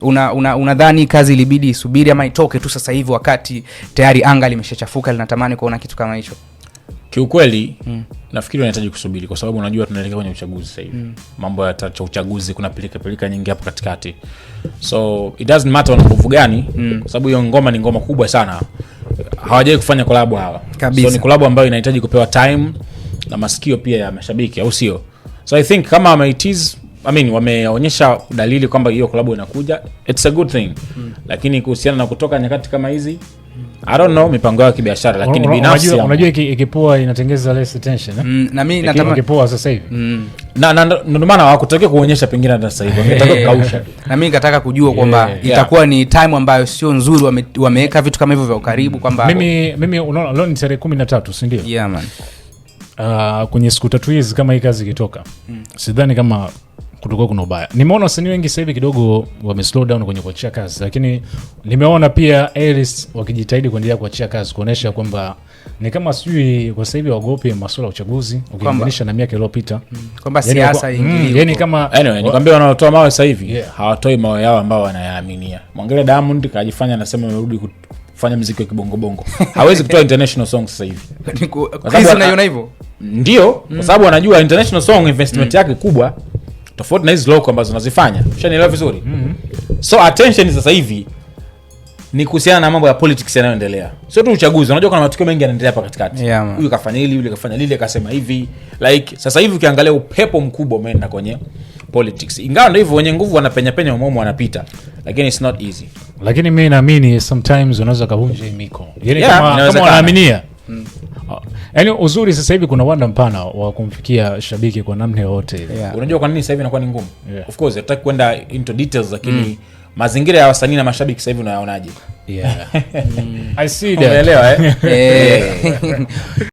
Unadhani una, una kazi ilibidi isubiri ama itoke tu sasa hivi wakati tayari anga limeshachafuka linatamani kuona kitu kama hicho? Kiukweli mm. nafikiri wanahitaji kusubiri kwa sababu unajua tunaelekea kwenye uchaguzi sahivi mm. mambo ya uchaguzi, kuna pilika pilika nyingi hapo katikati, so it doesn't matter wana nguvu gani mm. kwa sababu hiyo ngoma ni ngoma kubwa sana, hawajawai kufanya kolabu hawa So ni kolabu ambayo inahitaji kupewa time na masikio pia ya mashabiki, au sio? So I think kama wameitiz I mean, wameonyesha dalili kwamba hiyo klabu inakuja, it's a good thing mm. Lakini kuhusiana na kutoka nyakati kama hizi I don't know mipango yao kibiashara, lakini binafsi unajua ikipoa inatengeza less attention eh? Mm, na mimi natamani ikipoa sasa hivi mm. na na ndio maana hawakutaki kuonyesha pengine hata sasa hivi wangetaka kukausha na mimi nataka kujua kwamba yeah, yeah. itakuwa ni time ambayo sio nzuri, wameweka vitu kama hivyo vya ukaribu hmm. kwamba mimi mimi unaona leo ni tarehe 13 si ndio? Yeah man. Uh, kwenye siku tatu hizi kama hii kazi ikitoka mm. sidhani kama kutokuwa kuna ubaya. Nimeona wasanii wengi sahivi kidogo wame slow down kwenye kuachia kazi, lakini nimeona pia Aris wakijitahidi kuendelea kuachia kazi kuonyesha kwamba ni kama sijui kwa sahivi wagopi maswala ya uchaguzi ukilinganisha na miaka iliyopita, mm. kwamba siasa mm, ingilie. Yani kama anyway, nikwambia wanaotoa mawe sasa hivi yeah, hawatoi mawe yao ambao wanayaaminia. Mwangalia Diamond kajifanya anasema amerudi kufanya muziki wa kibongo bongo, hawezi kutoa international songs sasa hivi. Kwa sababu ndio, kwa mm. sababu anajua international song investment mm. yake kubwa tofauti na hizi local ambazo nazifanya shanielewa vizuri? mm -hmm. So attention sasa hivi ni kuhusiana na mambo ya politics yanayoendelea, sio tu uchaguzi. Unajua kuna matukio mengi yanaendelea hapa katikati, huyu yeah, kafanya hili, yule kafanya lile, akasema hivi. Like sasa hivi ukiangalia, upepo mkubwa umeenda kwenye politics, ingawa ndo hivyo, wenye nguvu wanapenyapenya umomo, wanapita, lakini it's not easy. Lakini mi naamini sometimes unaweza kavunja hii miko, yani yeah, kama unaaminia Yaani uzuri sasa hivi kuna wanda mpana wa kumfikia shabiki kwa namna yoyote Yeah. Unajua kwa nini sasa hivi inakuwa ni ngumu? Yeah. Of course, hataki kwenda into details lakini mm. Mazingira ya wasanii na mashabiki sasa hivi unayaonaje? Yeah. Mm. I see that. Umeelewa eh? eh.